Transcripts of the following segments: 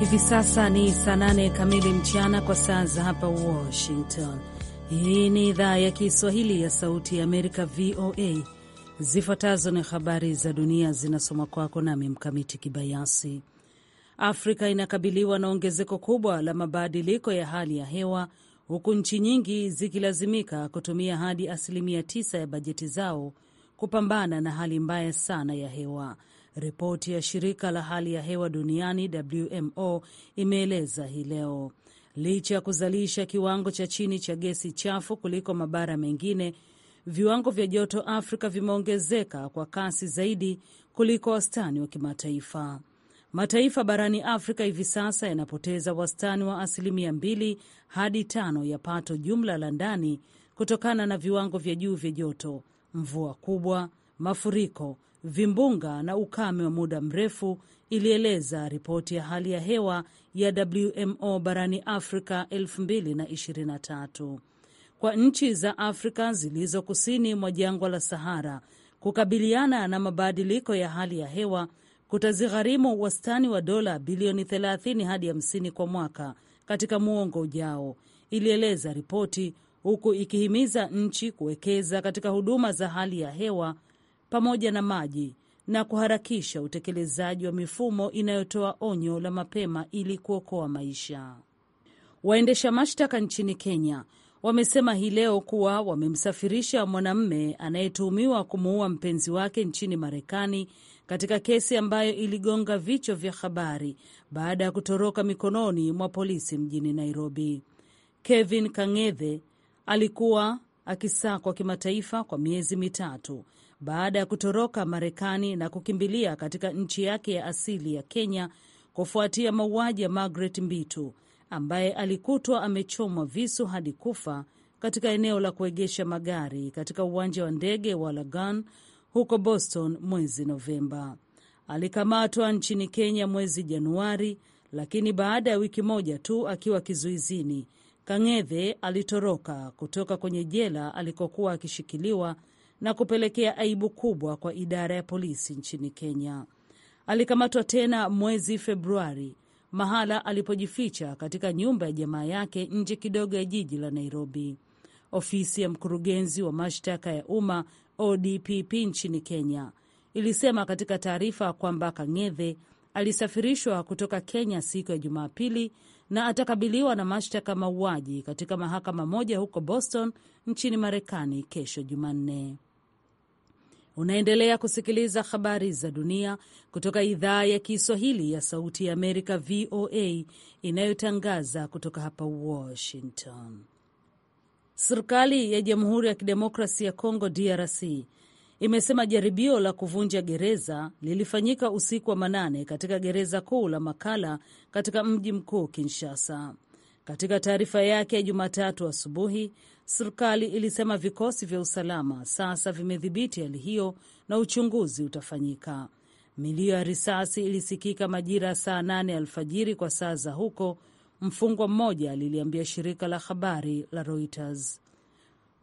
Hivi sasa ni saa nane kamili mchana kwa saa za hapa Washington. Hii ni idhaa ya Kiswahili ya Sauti ya Amerika, VOA. Zifuatazo ni habari za dunia, zinasoma kwako nami Mkamiti Kibayasi. Afrika inakabiliwa na ongezeko kubwa la mabadiliko ya hali ya hewa huku nchi nyingi zikilazimika kutumia hadi asilimia tisa ya bajeti zao kupambana na hali mbaya sana ya hewa Ripoti ya shirika la hali ya hewa duniani WMO imeeleza hii leo, licha ya kuzalisha kiwango cha chini cha gesi chafu kuliko mabara mengine, viwango vya joto Afrika vimeongezeka kwa kasi zaidi kuliko wastani wa kimataifa. Mataifa barani Afrika hivi sasa yanapoteza wastani wa asilimia mbili hadi tano ya pato jumla la ndani kutokana na viwango vya juu vya joto, mvua kubwa, mafuriko vimbunga na ukame wa muda mrefu, ilieleza ripoti ya hali ya hewa ya WMO barani Afrika 2023. Kwa nchi za Afrika zilizo kusini mwa jangwa la Sahara, kukabiliana na mabadiliko ya hali ya hewa kutazigharimu wastani wa dola bilioni 30 hadi 50 kwa mwaka katika muongo ujao, ilieleza ripoti, huku ikihimiza nchi kuwekeza katika huduma za hali ya hewa pamoja na maji na kuharakisha utekelezaji wa mifumo inayotoa onyo la mapema ili kuokoa maisha. Waendesha mashtaka nchini Kenya wamesema hii leo kuwa wamemsafirisha mwanamume anayetuhumiwa kumuua mpenzi wake nchini Marekani katika kesi ambayo iligonga vichwa vya habari baada ya kutoroka mikononi mwa polisi mjini Nairobi. Kevin Kang'ethe alikuwa akisakwa kimataifa kwa miezi mitatu baada ya kutoroka Marekani na kukimbilia katika nchi yake ya asili ya Kenya kufuatia mauaji ya Margaret Mbitu ambaye alikutwa amechomwa visu hadi kufa katika eneo la kuegesha magari katika uwanja wa ndege wa Lagan huko Boston mwezi Novemba. Alikamatwa nchini Kenya mwezi Januari, lakini baada ya wiki moja tu akiwa kizuizini, Kang'ethe alitoroka kutoka kwenye jela alikokuwa akishikiliwa na kupelekea aibu kubwa kwa idara ya polisi nchini Kenya. Alikamatwa tena mwezi Februari mahala alipojificha katika nyumba ya jamaa yake nje kidogo ya jiji la Nairobi. Ofisi ya mkurugenzi wa mashtaka ya umma ODPP nchini Kenya ilisema katika taarifa kwamba Kang'ethe alisafirishwa kutoka Kenya siku ya Jumapili na atakabiliwa na mashtaka mauaji katika mahakama moja huko Boston nchini Marekani kesho Jumanne. Unaendelea kusikiliza habari za dunia kutoka idhaa ya Kiswahili ya Sauti ya Amerika, VOA, inayotangaza kutoka hapa Washington. Serikali ya Jamhuri ya Kidemokrasi ya Kongo, DRC, imesema jaribio la kuvunja gereza lilifanyika usiku wa manane katika gereza kuu la Makala katika mji mkuu Kinshasa. Katika taarifa yake ya Jumatatu asubuhi, Serikali ilisema vikosi vya usalama sasa vimedhibiti hali hiyo na uchunguzi utafanyika. Milio ya risasi ilisikika majira ya saa nane alfajiri kwa saa za huko, mfungwa mmoja aliliambia shirika la habari la Reuters.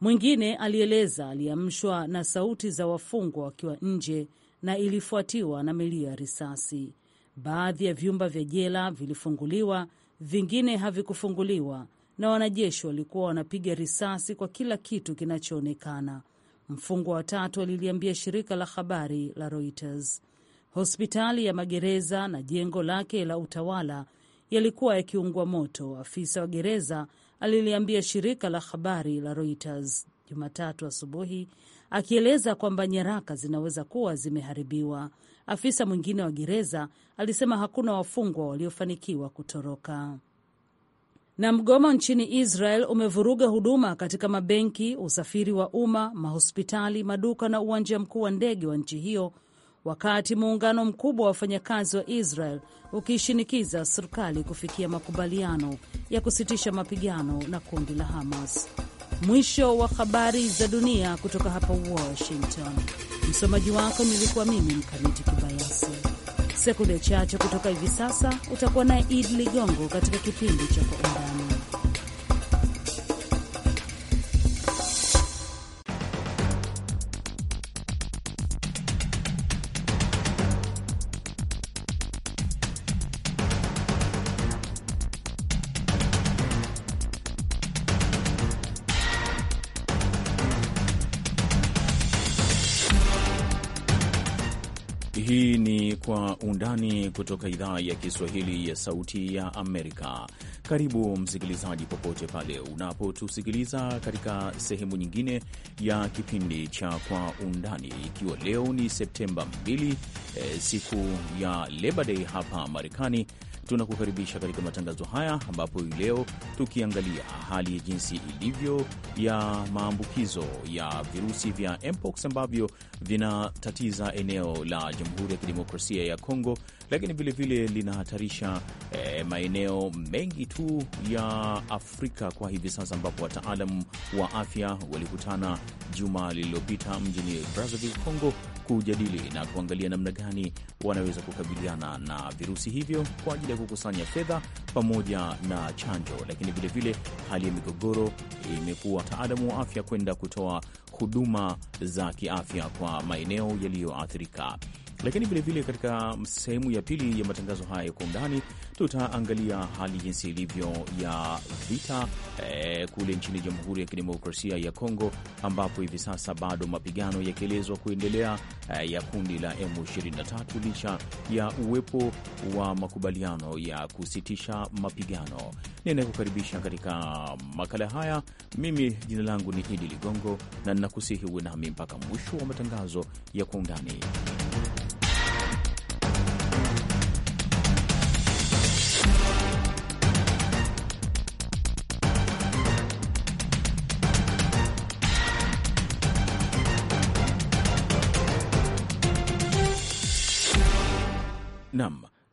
Mwingine alieleza aliamshwa na sauti za wafungwa wakiwa nje na ilifuatiwa na milio ya risasi. Baadhi ya vyumba vya jela vilifunguliwa, vingine havikufunguliwa na wanajeshi walikuwa wanapiga risasi kwa kila kitu kinachoonekana, mfungwa watatu aliliambia shirika la habari la Reuters. Hospitali ya magereza na jengo lake la utawala yalikuwa yakiungwa moto, afisa wa gereza aliliambia shirika la habari la Reuters Jumatatu asubuhi, akieleza kwamba nyaraka zinaweza kuwa zimeharibiwa. Afisa mwingine wa gereza alisema hakuna wafungwa waliofanikiwa kutoroka. Na mgomo nchini Israel umevuruga huduma katika mabenki, usafiri wa umma, mahospitali, maduka na uwanja mkuu wa ndege wa nchi hiyo, wakati muungano mkubwa wa wafanyakazi wa Israel ukiishinikiza serikali kufikia makubaliano ya kusitisha mapigano na kundi la Hamas. Mwisho wa habari za dunia kutoka hapa Washington. Msomaji wako nilikuwa mimi Mkamiti Kibayasi. Sekunde chache kutoka hivi sasa utakuwa naye Id Ligongo katika kipindi cha Kwa Undani. kutoka idhaa ya Kiswahili ya Sauti ya Amerika. Karibu msikilizaji, popote pale unapotusikiliza katika sehemu nyingine ya kipindi cha Kwa Undani, ikiwa leo ni Septemba 2 e, eh, siku ya Labor Day hapa Marekani tunakukaribisha katika matangazo haya ambapo hii leo tukiangalia hali ya jinsi ilivyo ya maambukizo ya virusi vya mpox ambavyo vinatatiza eneo la Jamhuri ya Kidemokrasia ya Kongo, lakini vilevile linahatarisha eh, maeneo mengi tu ya Afrika kwa hivi sasa, ambapo wataalam wa afya walikutana juma lililopita mjini Brazzaville, Kongo kujadili na kuangalia namna gani wanaweza kukabiliana na virusi hivyo kwa ajili ya kukusanya fedha pamoja na chanjo, lakini vilevile hali ya migogoro imekuwa wataalamu wa afya kwenda kutoa huduma za kiafya kwa maeneo yaliyoathirika. Lakini vilevile katika sehemu ya pili ya matangazo haya kwa undani, tutaangalia hali jinsi ilivyo ya vita eh, kule nchini Jamhuri ya Kidemokrasia ya Kongo, ambapo hivi sasa bado mapigano yakielezwa kuendelea eh, ya kundi la M23 licha ya uwepo wa makubaliano ya kusitisha mapigano. Ninayekukaribisha katika makala haya mimi, jina langu ni Idi Ligongo, na ninakusihi uwe nami mpaka mwisho wa matangazo ya kwa undani.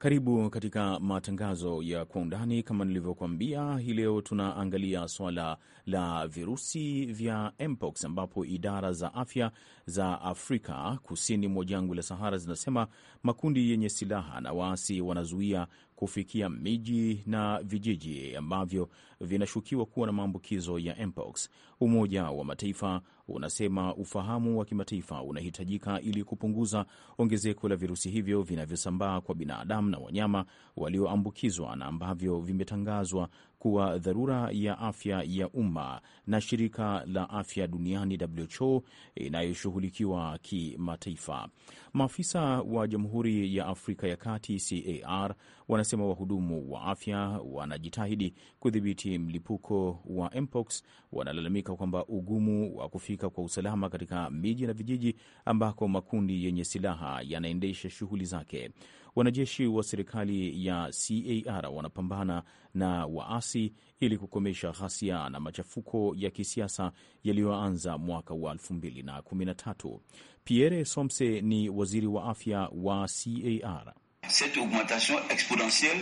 Karibu katika matangazo ya kwa undani. Kama nilivyokuambia, hii leo tunaangalia swala la virusi vya mpox, ambapo idara za afya za Afrika kusini mwa jangwa la Sahara zinasema makundi yenye silaha na waasi wanazuia kufikia miji na vijiji ambavyo vinashukiwa kuwa na maambukizo ya mpox. Umoja wa Mataifa unasema ufahamu wa kimataifa unahitajika ili kupunguza ongezeko la virusi hivyo vinavyosambaa kwa binadamu na wanyama walioambukizwa na ambavyo vimetangazwa kuwa dharura ya afya ya umma na shirika la afya duniani WHO inayoshughulikiwa kimataifa. Maafisa wa Jamhuri ya Afrika ya Kati CAR wanasema wahudumu wa afya wanajitahidi kudhibiti mlipuko wa mpox wanalalamika kwamba ugumu wa kufika kwa usalama katika miji na vijiji ambako makundi yenye silaha yanaendesha shughuli zake. Wanajeshi wa serikali ya CAR wanapambana na waasi ili kukomesha ghasia na machafuko ya kisiasa yaliyoanza mwaka wa 2013. Pierre Somse ni waziri wa afya wa CAR. Cette augmentation exponentielle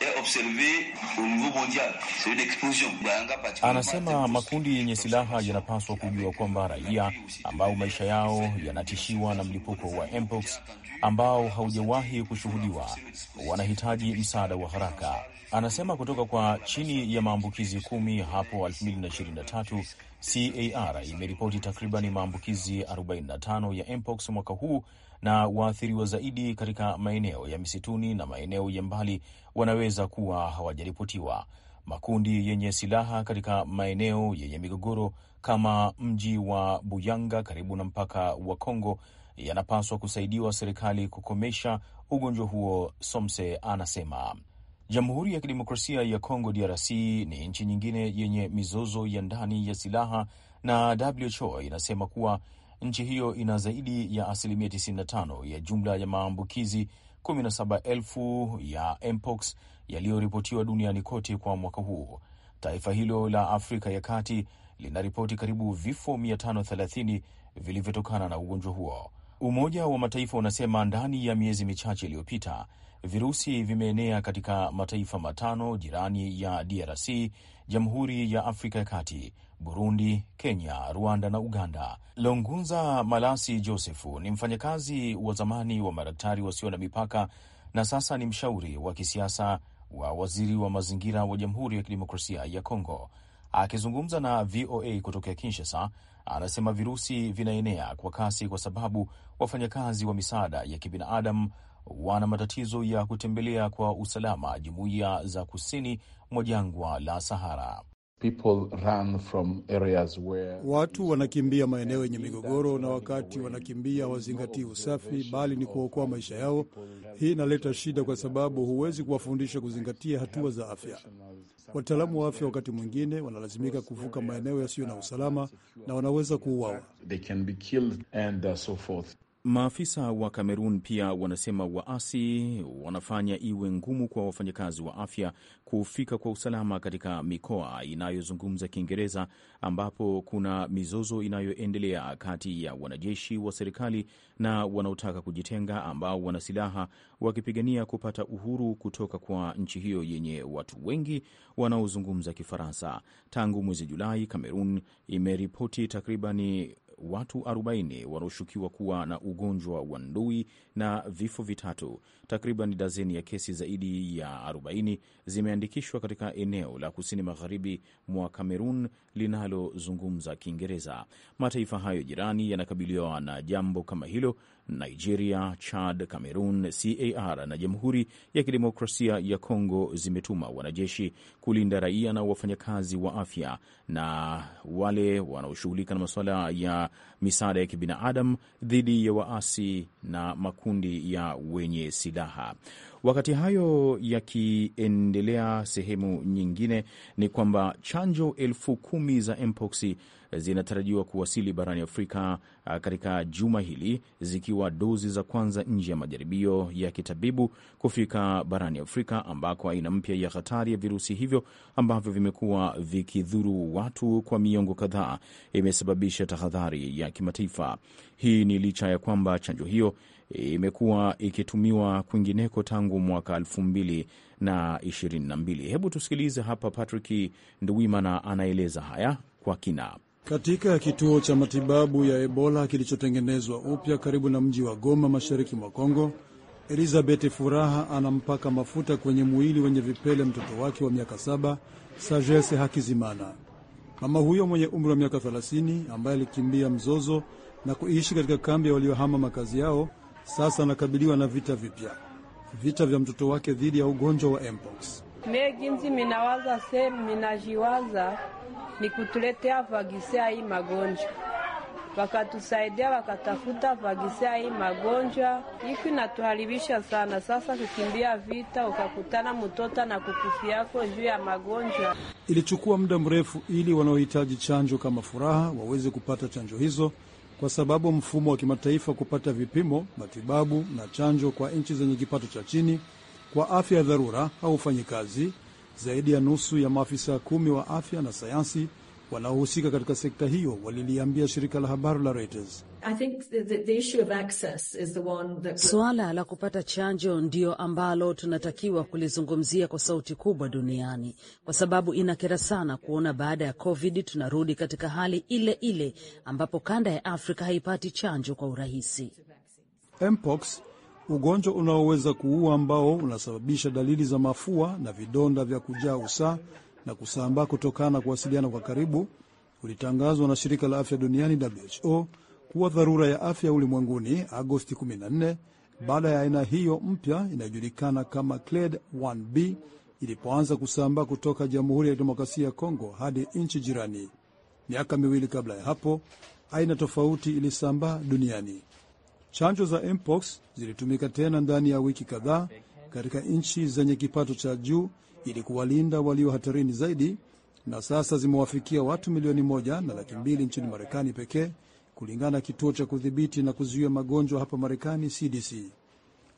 est observée au niveau mondial. C'est une explosion. Anasema makundi yenye silaha yanapaswa kujua kwamba raia ambao maisha yao yanatishiwa na mlipuko wa mpox ambao haujawahi kushuhudiwa wanahitaji msaada wa haraka. Anasema kutoka kwa chini ya maambukizi kumi hapo 2023 CAR imeripoti takribani maambukizi 45 ya mpox mwaka huu na waathiriwa zaidi katika maeneo ya misituni na maeneo ya mbali wanaweza kuwa hawajaripotiwa. Makundi yenye silaha katika maeneo yenye migogoro kama mji wa Buyanga karibu na mpaka wa Kongo yanapaswa kusaidiwa serikali kukomesha ugonjwa huo, Somse anasema. Jamhuri ya Kidemokrasia ya Kongo DRC ni nchi nyingine yenye mizozo ya ndani ya silaha na WHO inasema kuwa Nchi hiyo ina zaidi ya asilimia 95 ya jumla ya maambukizi 17,000 ya mpox yaliyoripotiwa duniani kote kwa mwaka huu. Taifa hilo la Afrika ya Kati linaripoti karibu vifo 530 vilivyotokana na ugonjwa huo. Umoja wa Mataifa unasema ndani ya miezi michache iliyopita Virusi vimeenea katika mataifa matano jirani ya DRC, Jamhuri ya Afrika ya Kati, Burundi, Kenya, Rwanda na Uganda. Longunza Malasi Josefu ni mfanyakazi wa zamani wa Madaktari Wasio na Mipaka na sasa ni mshauri wa kisiasa wa waziri wa mazingira wa Jamhuri ya Kidemokrasia ya Kongo. Akizungumza na VOA kutokea Kinshasa, anasema virusi vinaenea kwa kasi kwa sababu wafanyakazi wa misaada ya kibinadamu wana matatizo ya kutembelea kwa usalama jumuiya za kusini mwa jangwa la Sahara. Run from areas where... watu wanakimbia maeneo yenye migogoro, na wakati wanakimbia hawazingatii usafi, bali ni kuokoa maisha yao. Hii inaleta shida, kwa sababu huwezi kuwafundisha kuzingatia hatua za afya. Wataalamu wa afya wakati mwingine wanalazimika kuvuka maeneo yasiyo na usalama na wanaweza kuuawa. Maafisa wa Kamerun pia wanasema waasi wanafanya iwe ngumu kwa wafanyakazi wa afya kufika kwa usalama katika mikoa inayozungumza Kiingereza ambapo kuna mizozo inayoendelea kati ya wanajeshi wa serikali na wanaotaka kujitenga ambao wana silaha wakipigania kupata uhuru kutoka kwa nchi hiyo yenye watu wengi wanaozungumza Kifaransa. Tangu mwezi Julai, Kamerun imeripoti takribani watu 40 wanaoshukiwa kuwa na ugonjwa wa ndui na vifo vitatu. Takriban dazeni ya kesi zaidi ya 40 zimeandikishwa katika eneo la kusini magharibi mwa Kamerun linalozungumza Kiingereza. Mataifa hayo jirani yanakabiliwa na jambo kama hilo: Nigeria, Chad, Cameroon, CAR na Jamhuri ya Kidemokrasia ya Kongo zimetuma wanajeshi kulinda raia na wafanyakazi wa afya na wale wanaoshughulika na masuala ya misaada ya kibinadamu dhidi ya waasi na makundi ya wenye silaha. Wakati hayo yakiendelea, sehemu nyingine ni kwamba chanjo elfu kumi za mpox zinatarajiwa kuwasili barani Afrika uh, katika juma hili, zikiwa dozi za kwanza nje ya majaribio ya kitabibu kufika barani Afrika, ambako aina mpya ya hatari ya virusi hivyo ambavyo vimekuwa vikidhuru watu kwa miongo kadhaa imesababisha tahadhari ya kimataifa. Hii ni licha ya kwamba chanjo hiyo imekuwa ikitumiwa kwingineko tangu mwaka elfu mbili na ishirini na mbili. Hebu tusikilize hapa, Patrick Nduwimana anaeleza haya kwa kina. Katika kituo cha matibabu ya Ebola kilichotengenezwa upya karibu na mji wa Goma, mashariki mwa Kongo, Elizabeth Furaha anampaka mafuta kwenye mwili wenye vipele mtoto wake wa miaka saba, Sagese Hakizimana. Mama huyo mwenye umri wa miaka 30 ambaye alikimbia mzozo na kuishi katika kambi ya waliohama makazi yao sasa anakabiliwa na vita vipya, vita vya mtoto wake dhidi ya ugonjwa wa mpox. Me ginzi minawaza se minajiwaza ni kutuletea vagisea hii magonjwa, wakatusaidia wakatafuta vagisea hii magonjwa iku inatuharibisha sana. Sasa kukimbia vita, ukakutana mtoto na kukufi yako juu ya magonjwa. Ilichukua muda mrefu ili wanaohitaji chanjo kama Furaha waweze kupata chanjo hizo kwa sababu mfumo wa kimataifa kupata vipimo, matibabu na chanjo kwa nchi zenye kipato cha chini kwa afya ya dharura haufanyi kazi. Zaidi ya nusu ya maafisa kumi wa afya na sayansi wanaohusika katika sekta hiyo waliliambia shirika la habari la Reuters. Suala la kupata chanjo ndiyo ambalo tunatakiwa kulizungumzia kwa sauti kubwa duniani, kwa sababu inakera sana kuona baada ya COVID tunarudi katika hali ile ile ambapo kanda ya Afrika haipati chanjo kwa urahisi. Mpox, ugonjwa unaoweza kuua ambao unasababisha dalili za mafua na vidonda vya kujaa usaa na kusambaa kutokana na kuwasiliana kwa karibu ulitangazwa na shirika la afya duniani WHO kuwa dharura ya afya ulimwenguni Agosti 14 baada ya aina hiyo mpya inayojulikana kama Clade 1b ilipoanza kusambaa kutoka Jamhuri ya Kidemokrasia ya Kongo hadi nchi jirani. Miaka miwili kabla ya hapo, aina tofauti ilisambaa duniani. Chanjo za mpox zilitumika tena ndani ya wiki kadhaa katika nchi zenye kipato cha juu ili kuwalinda walio hatarini zaidi, na sasa zimewafikia watu milioni moja na laki mbili nchini Marekani pekee, kulingana na kituo cha kudhibiti na kuzuia magonjwa hapa Marekani, CDC.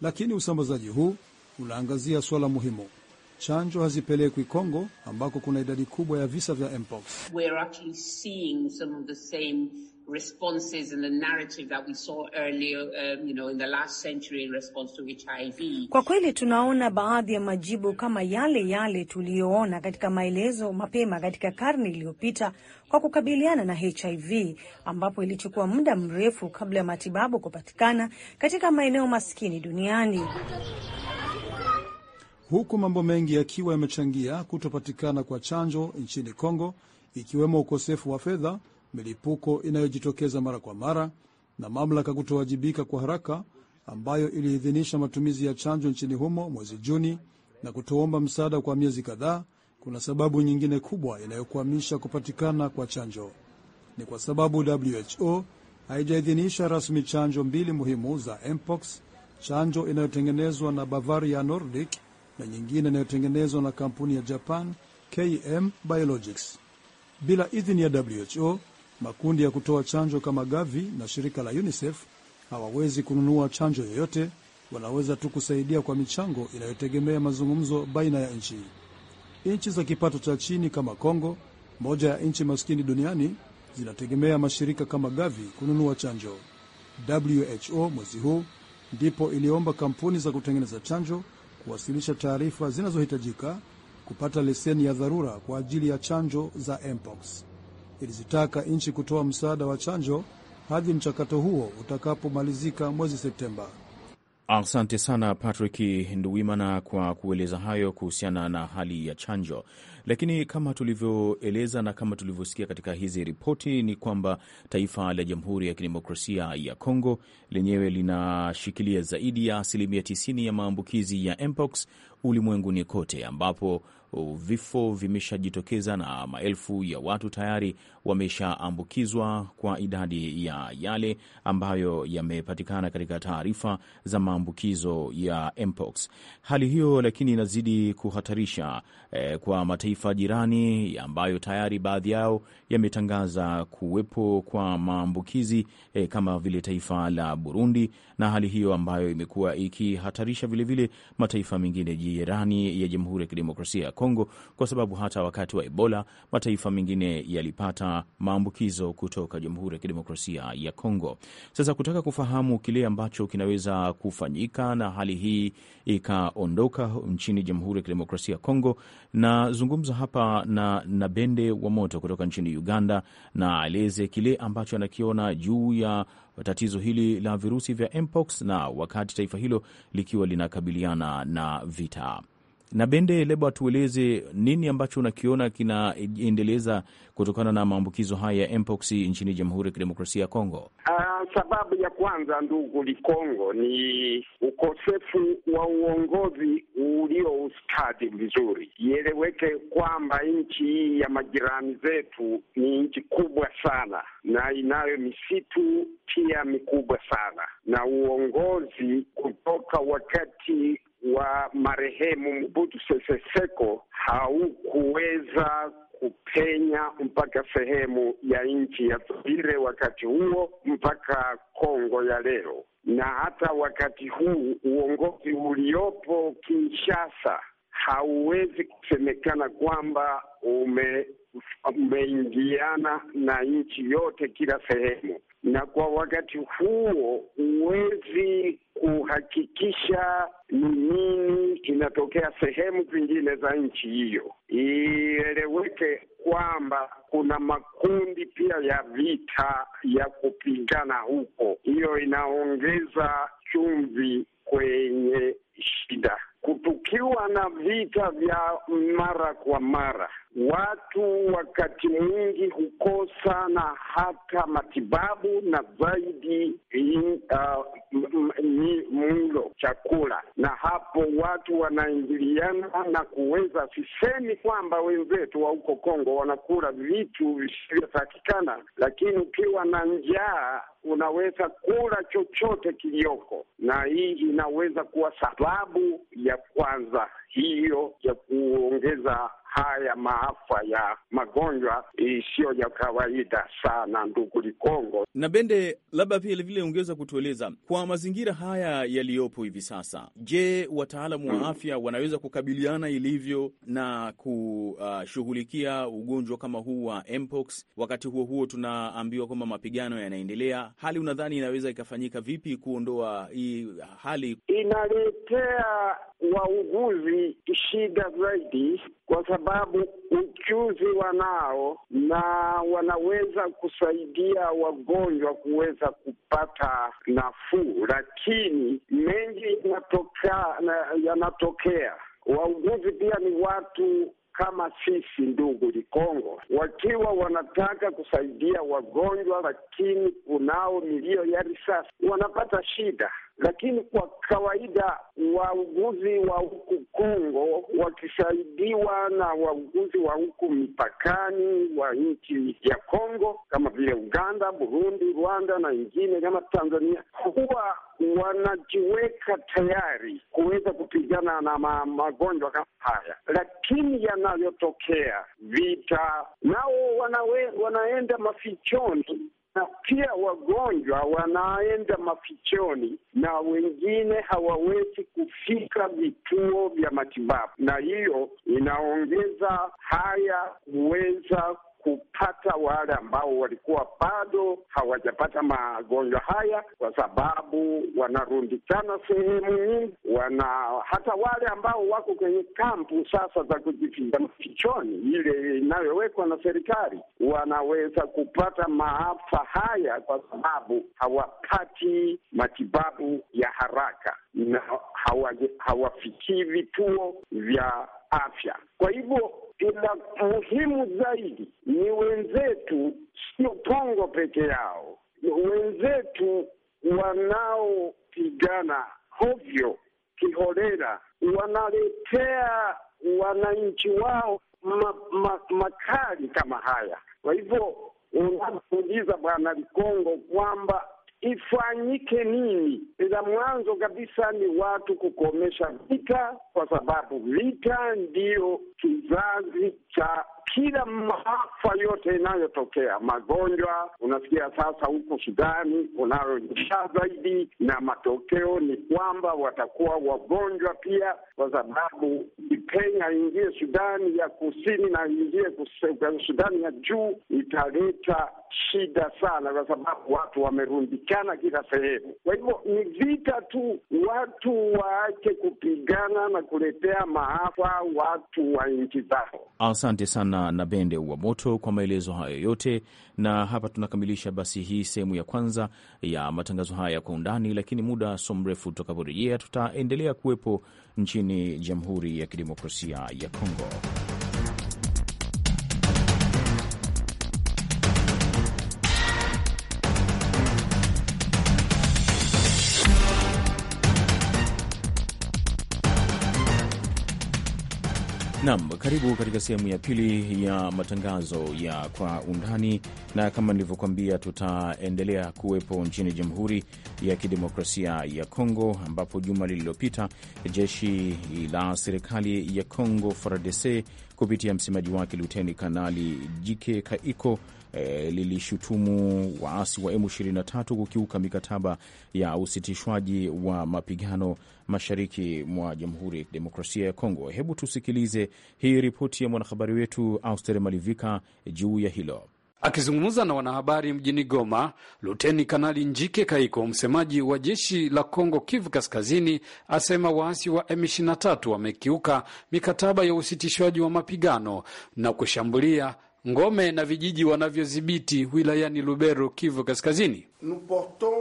Lakini usambazaji huu unaangazia suala muhimu. Chanjo hazipelekwi Kongo ambako kuna idadi kubwa ya visa vya mpox responses and the narrative that we saw earlier, um, you know, in the last century in response to HIV. Kwa kweli tunaona baadhi ya majibu kama yale yale tuliyoona katika maelezo mapema katika karne iliyopita kwa kukabiliana na HIV ambapo ilichukua muda mrefu kabla ya matibabu kupatikana katika maeneo maskini duniani. Huku mambo mengi yakiwa yamechangia kutopatikana kwa chanjo nchini Kongo, ikiwemo ukosefu wa fedha milipuko inayojitokeza mara kwa mara na mamlaka kutowajibika kwa haraka, ambayo iliidhinisha matumizi ya chanjo nchini humo mwezi Juni na kutoomba msaada kwa miezi kadhaa, kuna sababu nyingine kubwa inayokwamisha kupatikana kwa chanjo. Ni kwa sababu WHO haijaidhinisha rasmi chanjo mbili muhimu za mpox, chanjo inayotengenezwa na Bavaria Nordic na nyingine inayotengenezwa na kampuni ya Japan KM Biologics. Bila idhini ya WHO, Makundi ya kutoa chanjo kama Gavi na shirika la UNICEF hawawezi kununua chanjo yoyote, wanaweza tu kusaidia kwa michango inayotegemea mazungumzo baina ya nchi. Nchi za kipato cha chini kama Kongo, moja ya nchi maskini duniani, zinategemea mashirika kama Gavi kununua chanjo. WHO mwezi huu ndipo iliomba kampuni za kutengeneza chanjo kuwasilisha taarifa zinazohitajika kupata leseni ya dharura kwa ajili ya chanjo za mpox ilizitaka nchi kutoa msaada wa chanjo hadi mchakato huo utakapomalizika mwezi Septemba. Asante sana Patrick Nduwimana kwa kueleza hayo kuhusiana na hali ya chanjo. Lakini kama tulivyoeleza na kama tulivyosikia katika hizi ripoti ni kwamba taifa la Jamhuri ya Kidemokrasia ya Kongo lenyewe linashikilia zaidi ya asilimia 90 ya maambukizi ya mpox ulimwenguni kote, ambapo vifo vimeshajitokeza na maelfu ya watu tayari wameshaambukizwa kwa idadi ya yale ambayo yamepatikana katika taarifa za maambukizo ya mpox. Hali hiyo lakini inazidi kuhatarisha eh, kwa mataifa jirani ambayo tayari baadhi yao yametangaza kuwepo kwa maambukizi eh, kama vile taifa la Burundi, na hali hiyo ambayo imekuwa ikihatarisha vilevile mataifa mengine jirani ya Jamhuri ya Kidemokrasia ya Kongo, kwa sababu hata wakati wa Ebola mataifa mengine yalipata maambukizo kutoka Jamhuri ya Kidemokrasia ya Kongo. Sasa kutaka kufahamu kile ambacho kinaweza kufanyika na hali hii ikaondoka nchini Jamhuri ya Kidemokrasia ya Kongo, nazungumza hapa na Nabende wa Moto kutoka nchini Uganda, na aeleze kile ambacho anakiona juu ya tatizo hili la virusi vya mpox na wakati taifa hilo likiwa linakabiliana na vita. Na Bende Leba, tueleze nini ambacho unakiona kinaendeleza kutokana na maambukizo haya ya mpox nchini Jamhuri ya Kidemokrasia ya Kongo. Uh, sababu ya kwanza ndugu Likongo ni ukosefu wa uongozi ulio ustadi vizuri. Ieleweke kwamba nchi hii ya majirani zetu ni nchi kubwa sana na inayo misitu pia mikubwa sana, na uongozi kutoka wakati wa marehemu Mobutu Sese Seko haukuweza kupenya mpaka sehemu ya nchi ya Zaire wakati huo mpaka Kongo ya leo, na hata wakati huu uongozi uliopo Kinshasa hauwezi kusemekana kwamba ume umeingiana na nchi yote kila sehemu, na kwa wakati huo huwezi kuhakikisha ni nini inatokea sehemu zingine za nchi hiyo. Ieleweke kwamba kuna makundi pia ya vita ya kupigana huko, hiyo inaongeza chumvi kwenye shida. Kutukiwa na vita vya mara kwa mara watu wakati mwingi hukosa na hata matibabu na zaidi ni uh, mlo chakula, na hapo watu wanaingiliana na kuweza. Sisemi kwamba wenzetu wa huko Kongo wanakula vitu visivyotakikana, lakini ukiwa na njaa unaweza kula chochote kilioko na hii inaweza kuwa sababu ya kwanza hiyo ya kuongeza haya maafa ya magonjwa isiyo ya kawaida sana, ndugu Likongo na Bende, labda vile vile ungeweza kutueleza kwa mazingira haya yaliyopo hivi sasa, je, wataalamu wa hmm. afya wanaweza kukabiliana ilivyo na kushughulikia ugonjwa kama huu wa mpox? Wakati huo huo, tunaambiwa kwamba mapigano yanaendelea. Hali unadhani inaweza ikafanyika vipi kuondoa hii hali? Inaletea wauguzi shida zaidi, kwa sababu ujuzi wanao na wanaweza kusaidia wagonjwa kuweza kupata nafuu, lakini mengi yanatokea. Wauguzi pia ni watu kama sisi ndugu Likongo, wakiwa wanataka kusaidia wagonjwa, lakini kunao milio ya risasi, wanapata shida lakini kwa kawaida wauguzi wa huku Kongo wakisaidiwa na wauguzi wa huku mipakani wa nchi ya Kongo kama vile Uganda, Burundi, Rwanda na ingine kama Tanzania huwa wanajiweka tayari kuweza kupigana na ma magonjwa kama haya, lakini yanayotokea vita, nao wanawe, wanaenda mafichoni na pia wagonjwa wanaenda mafichoni na wengine hawawezi kufika vituo vya matibabu, na hiyo inaongeza haya kuweza hata wale ambao walikuwa bado hawajapata magonjwa haya, kwa sababu wanarundikana sehemu nyingi, wana hata wale ambao wako kwenye kampu sasa za kujificha kichoni, ile inayowekwa na serikali, wanaweza kupata maafa haya kwa sababu hawapati matibabu ya haraka na hawafikii vituo vya afya. Kwa hivyo ila muhimu zaidi ni wenzetu, sio Kongo peke yao, wenzetu wanaopigana hovyo kiholela wanaletea wananchi wao ma, ma, makali kama haya. Kwa hivyo unamuuliza Bwana Likongo kwamba ifanyike nini? La mwanzo kabisa ni watu kukomesha vita, kwa sababu vita ndiyo kizazi cha kila maafa yote inayotokea, magonjwa. Unasikia sasa huku Sudani kunayo njaa zaidi, na matokeo ni kwamba watakuwa wagonjwa pia, kwa sababu Kenya ingie Sudani ya kusini na ingie Sudani ya juu, italeta shida sana, kwa sababu watu wamerundikana kila sehemu. Kwa hivyo ni vita tu, watu waache kupigana na kuletea maafa watu wa nchi zao. Asante sana na bende wa Moto kwa maelezo hayo yote, na hapa tunakamilisha basi hii sehemu ya kwanza ya matangazo haya kwa undani, lakini muda so mrefu tutakaporejea, tutaendelea kuwepo nchini Jamhuri ya Kidemokrasia ya Kongo. Nam, karibu katika sehemu ya pili ya matangazo ya kwa undani, na kama nilivyokuambia, tutaendelea kuwepo nchini Jamhuri ya Kidemokrasia ya Kongo, ambapo juma lililopita jeshi la serikali ya Kongo FARDC kupitia msemaji wake Luteni Kanali Jike Kaiko e, lilishutumu waasi wa M23 kukiuka mikataba ya usitishwaji wa mapigano mashariki mwa Jamhuri ya Kidemokrasia ya Kongo. Hebu tusikilize hii ripoti ya mwanahabari wetu Auster Malivika juu ya hilo. Akizungumza na wanahabari mjini Goma, Luteni Kanali Njike Kaiko, msemaji wa jeshi la Kongo Kivu Kaskazini, asema waasi wa M23 wamekiuka mikataba ya usitishwaji wa mapigano na kushambulia ngome na vijiji wanavyodhibiti wilayani Lubero, Kivu Kaskazini.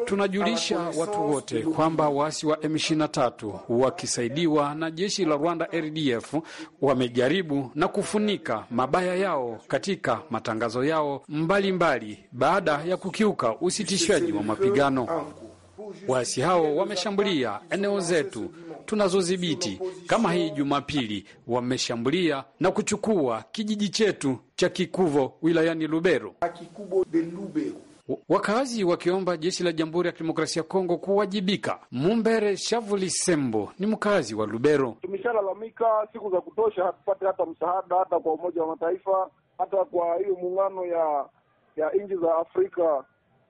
Tunajulisha watu wote kwamba waasi wa M23 wakisaidiwa na jeshi la Rwanda RDF wamejaribu na kufunika mabaya yao katika matangazo yao mbalimbali mbali, baada ya kukiuka usitishaji wa mapigano. Waasi hao wameshambulia eneo zetu tunazodhibiti kama hii Jumapili wameshambulia na kuchukua kijiji chetu cha Kikuvo wilayani Lubero. Wakazi wakiomba jeshi la Jamhuri ya Kidemokrasia ya Kongo kuwajibika. Mumbere Shavuli Sembo ni mkazi wa Lubero. Tumeshalalamika siku za kutosha, hatupate hata msaada hata kwa Umoja wa Mataifa hata kwa hiyo muungano ya ya nchi za Afrika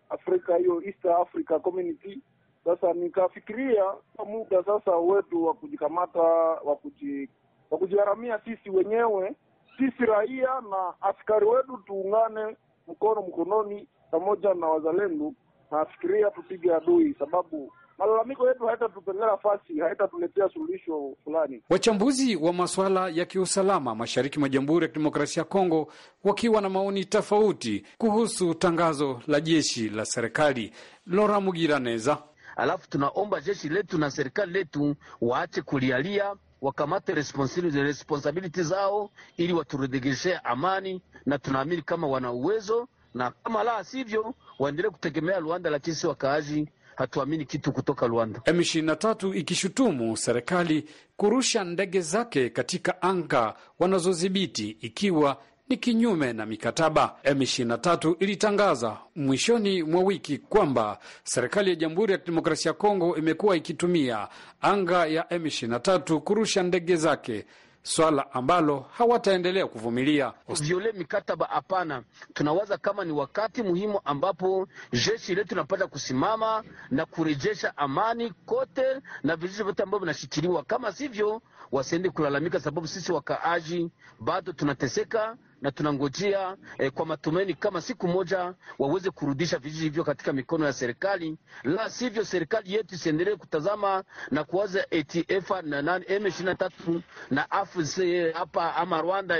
Afrika hiyo East Africa Community sasa nikafikiria muda sasa wetu wa kujikamata wa kuji, wa kujiharamia sisi wenyewe, sisi raia na askari wetu, tuungane mkono mkononi pamoja na wazalendo. Nafikiria tupige adui, sababu malalamiko yetu haitatupengea nafasi, haitatuletea suluhisho fulani. Wachambuzi wa masuala ya kiusalama mashariki mwa Jamhuri ya Kidemokrasia ya Kongo wakiwa na maoni tofauti kuhusu tangazo la jeshi la serikali. Lora Mugiraneza alafu tunaomba jeshi letu na serikali letu waache kulialia, wakamate responsibility zao ili waturudigishe amani, na tunaamini kama wana uwezo, na kama la sivyo waendelee kutegemea Rwanda, lakini si wakaaji hatuamini kitu kutoka Rwanda. M23 ikishutumu serikali kurusha ndege zake katika anga wanazodhibiti ikiwa ni kinyume na mikataba. M23 ilitangaza mwishoni mwa wiki kwamba serikali ya Jamhuri ya Kidemokrasia ya Kongo imekuwa ikitumia anga ya M23 kurusha ndege zake, swala ambalo hawataendelea kuvumilia. Viole mikataba? Hapana, tunawaza kama ni wakati muhimu ambapo jeshi letu linapata kusimama na kurejesha amani kote na vijiji vyote ambavyo vinashikiliwa. Kama sivyo, wasiende kulalamika, sababu sisi wakaaji bado tunateseka na tunangojea eh, kwa matumaini kama siku moja waweze kurudisha vijiji hivyo katika mikono ya serikali, la sivyo serikali yetu isiendelee kutazama na kuwaza ATF na M23 na AFC hapa ama Rwanda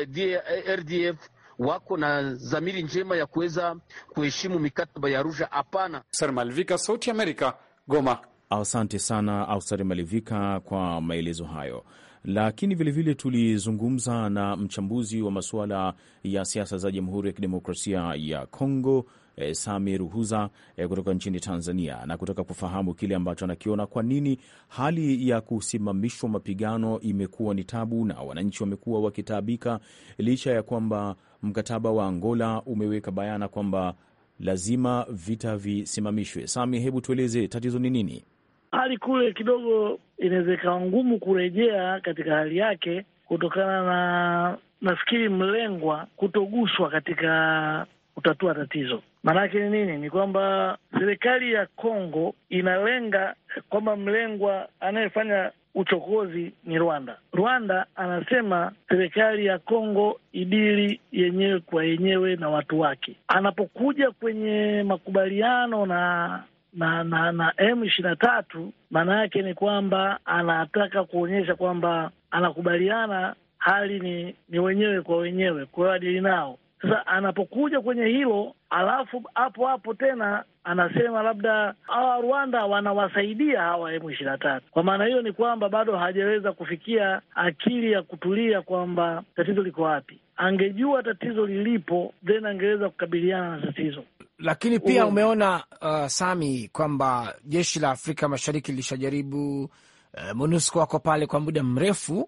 RDF wako na dhamiri njema ya kuweza kuheshimu mikataba ya Arusha. Hapana. Sar Malvika, Sauti Amerika, Goma. Asante sana Ausari Malivika kwa maelezo hayo lakini vilevile tulizungumza na mchambuzi wa masuala ya siasa za Jamhuri ya Kidemokrasia ya Kongo E, Sami Ruhuza e, kutoka nchini Tanzania na kutaka kufahamu kile ambacho anakiona, kwa nini hali ya kusimamishwa mapigano imekuwa ni tabu na wananchi wamekuwa wakitaabika, licha ya kwamba mkataba wa Angola umeweka bayana kwamba lazima vita visimamishwe. Sami, hebu tueleze tatizo ni nini? hali kule kidogo inaweza ikawa ngumu kurejea katika hali yake kutokana na nafikiri mlengwa kutoguswa katika kutatua tatizo. Maanake ni nini? Ni kwamba serikali ya Kongo inalenga kwamba mlengwa anayefanya uchokozi ni Rwanda. Rwanda anasema serikali ya Kongo idili yenyewe kwa yenyewe na watu wake. Anapokuja kwenye makubaliano na na na na M ishirini na tatu, maana yake ni kwamba anataka kuonyesha kwamba anakubaliana hali ni ni wenyewe kwa wenyewe, kwa hiyo adili nao. Sasa anapokuja kwenye hilo, alafu hapo hapo tena anasema labda hawa Rwanda wanawasaidia hawa M ishirini na tatu. Kwa maana hiyo ni kwamba bado hajaweza kufikia akili ya kutulia kwamba tatizo liko wapi. Angejua tatizo lilipo, then angeweza kukabiliana na tatizo. Lakini pia umeona uh, Sami, kwamba jeshi la Afrika Mashariki lilishajaribu uh, MONUSCO wako pale kwa muda mrefu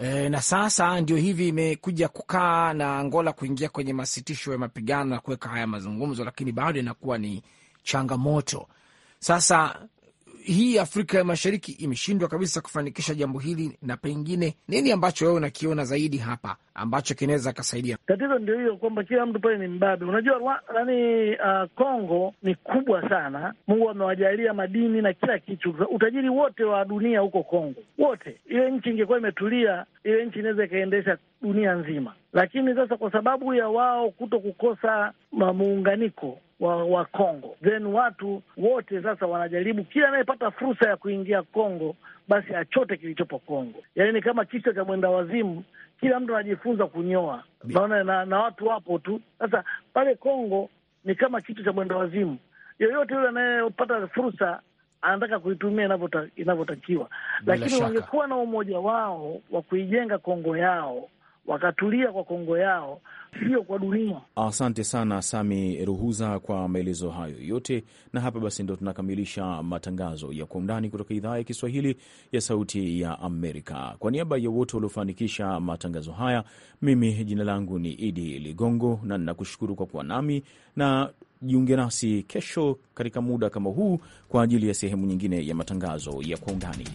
uh, na sasa ndio hivi imekuja kukaa na Angola kuingia kwenye masitisho ya mapigano na kuweka haya mazungumzo, lakini bado inakuwa ni changamoto. Sasa hii Afrika ya Mashariki imeshindwa kabisa kufanikisha jambo hili, na pengine nini ambacho wewe unakiona zaidi hapa ambacho kinaweza kasaidia? Tatizo ndio hiyo kwamba kila mtu pale ni mbabe. Unajua nani, uh, Kongo uh, ni kubwa sana. Mungu amewajalia madini na kila kitu, utajiri wote wa dunia huko Kongo wote. Ile nchi ingekuwa imetulia, ile nchi inaweza ikaendesha dunia nzima, lakini sasa kwa sababu ya wao kuto kukosa muunganiko wa, wa Kongo. Then watu wote sasa wanajaribu, kila anayepata fursa ya kuingia Kongo basi achote kilichopo Kongo. Yaani ni kama kichwa cha mwenda wazimu, kila mtu anajifunza kunyoa. Naona na, na watu wapo tu sasa pale Kongo ni kama kitu cha mwenda wazimu. Yoyote yule anayepata fursa anataka kuitumia inavyotakiwa, lakini wangekuwa na umoja wao wa kuijenga Kongo yao wakatulia kwa Kongo yao, sio kwa dunia. Asante sana Sami Ruhuza kwa maelezo hayo yote, na hapa basi ndo tunakamilisha matangazo ya Kwa Undani kutoka idhaa ya Kiswahili ya Sauti ya Amerika. Kwa niaba ya wote waliofanikisha matangazo haya, mimi jina langu ni Idi Ligongo na ninakushukuru kwa kuwa nami na jiunge nasi kesho katika muda kama huu kwa ajili ya sehemu nyingine ya matangazo ya Kwa Undani.